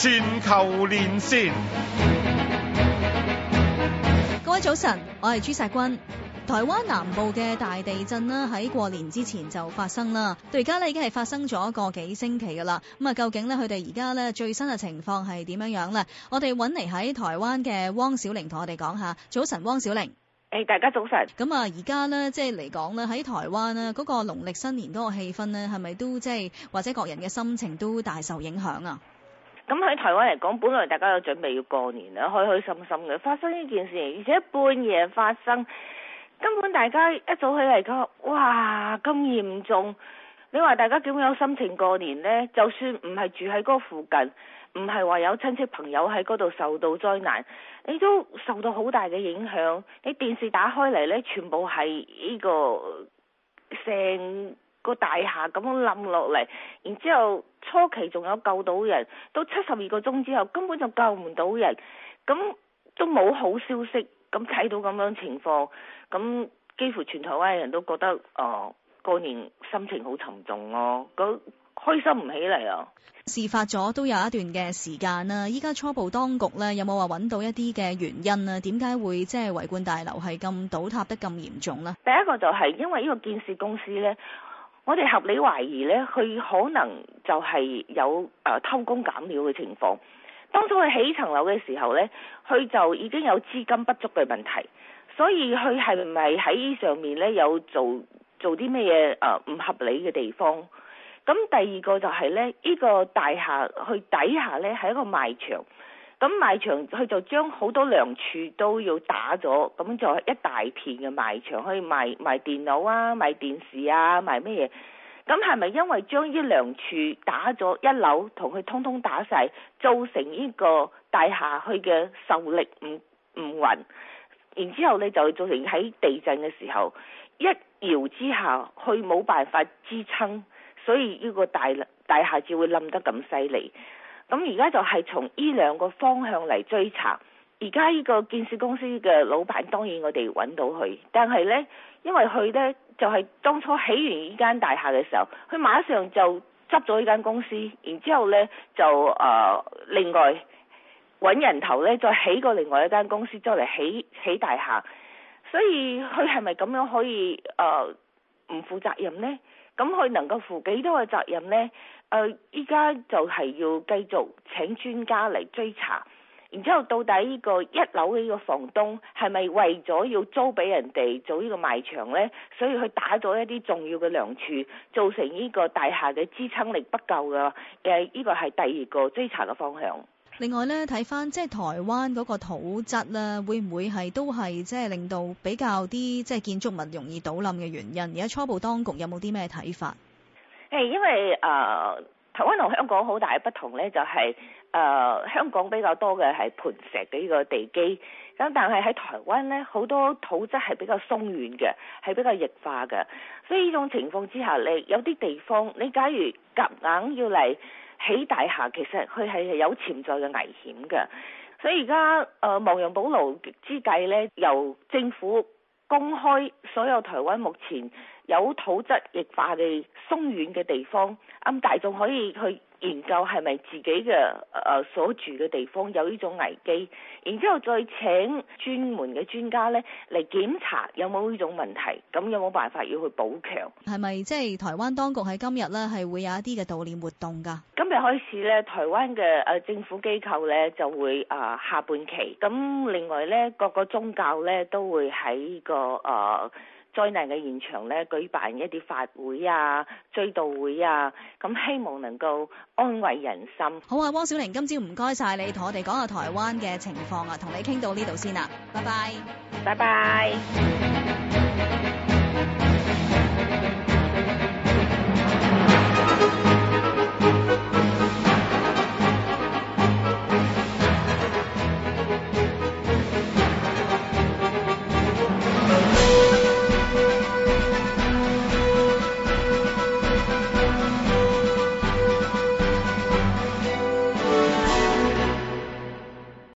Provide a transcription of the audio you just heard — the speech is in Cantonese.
全球連線，各位早晨，我係朱錫君。台灣南部嘅大地震啦，喺過年之前就發生啦，到而家咧已經係發生咗個幾星期噶啦。咁啊，究竟咧佢哋而家咧最新嘅情況係點樣樣呢？我哋揾嚟喺台灣嘅汪小玲同我哋講下。早晨，汪小玲，誒，大家早晨。咁啊，而家呢，即係嚟講呢，喺台灣咧嗰個農曆新年嗰個氣氛呢，係咪都即係或者個人嘅心情都大受影響啊？咁喺、嗯、台灣嚟講，本來大家有準備要過年啦，開開心心嘅。發生呢件事，而且半夜發生，根本大家一早起嚟講，哇咁嚴重！你話大家點有，有心情過年呢？就算唔係住喺嗰附近，唔係話有親戚朋友喺嗰度受到災難，你都受到好大嘅影響。你電視打開嚟呢，全部係呢、呢個成。個大廈咁樣冧落嚟，然之後初期仲有救到人，到七十二個鐘之後根本就救唔到人，咁都冇好消息，咁睇到咁樣情況，咁幾乎全台灣人都覺得，哦、呃，過年心情好沉重咯、啊，咁開心唔起嚟啊！事發咗都有一段嘅時間啦、啊，依家初步當局呢，有冇話揾到一啲嘅原因啊？點解會即係維冠大樓係咁倒塌得咁嚴重呢？第一個就係因為呢個建設公司呢。我哋合理懷疑呢，佢可能就係有誒、啊、偷工減料嘅情況。當初佢起層樓嘅時候呢，佢就已經有資金不足嘅問題，所以佢係唔係喺上面呢，有做做啲咩嘢誒唔合理嘅地方？咁第二個就係呢，呢、呢個大廈佢底下呢係一個賣場。咁賣場佢就將好多梁柱都要打咗，咁就係一大片嘅賣場可以賣賣電腦啊、賣電視啊、賣乜嘢？咁係咪因為將呢梁柱打咗一樓同佢通通打晒，造成呢個大廈佢嘅受力唔唔勻？然之後你就造成喺地震嘅時候一搖之下，佢冇辦法支撐，所以呢個大大廈至會冧得咁犀利。咁而家就係從呢兩個方向嚟追查。而家呢個建設公司嘅老闆，當然我哋揾到佢，但係呢，因為佢呢就係、是、當初起完呢間大廈嘅時候，佢馬上就執咗呢間公司，然之後呢，就誒、呃、另外揾人頭呢，再起過另外一間公司再嚟起起大廈，所以佢係咪咁樣可以誒唔、呃、負責任呢？咁佢能夠負幾多嘅責任呢？誒、呃，依家就係要繼續請專家嚟追查，然之後到底呢個一樓嘅呢個房東係咪為咗要租俾人哋做呢個賣場呢？所以佢打咗一啲重要嘅梁柱，造成呢個大廈嘅支撐力不夠嘅，誒，呢個係第二個追查嘅方向。另外咧，睇翻即係台灣嗰個土質咧，會唔會係都係即係令到比較啲即係建築物容易倒冧嘅原因？而家初步當局有冇啲咩睇法？誒，hey, 因為誒，呃，台灣同香港好大嘅不同咧，就係，就係誒香港比較多嘅係盤石嘅呢個地基，咁但係喺台灣咧，好多土質係比較鬆軟嘅，係比較液化嘅，所以呢種情況之下你有啲地方你假如夾硬，硬要嚟，起大廈，其實佢係有潛在嘅危險嘅，所以而家誒，亡羊補牢之計咧，由政府公開所有台灣目前，有土質液化嘅鬆軟嘅地方，咁大眾可以去研究係咪自己嘅誒、呃、所住嘅地方有呢種危機，然之後再請專門嘅專家呢嚟檢查有冇呢種問題，咁有冇辦法要去補強？係咪即係台灣當局喺今日呢係會有一啲嘅悼念活動㗎？今日開始呢，台灣嘅誒政府機構呢就會誒、呃、下半旗，咁另外呢，各個宗教呢都會喺個誒、呃災難嘅現場咧，舉辦一啲法會啊、追悼會啊，咁希望能夠安慰人心。好啊，汪小玲，今朝唔該晒你同我哋講下台灣嘅情況啊，同你傾到呢度先啦，拜拜，拜拜。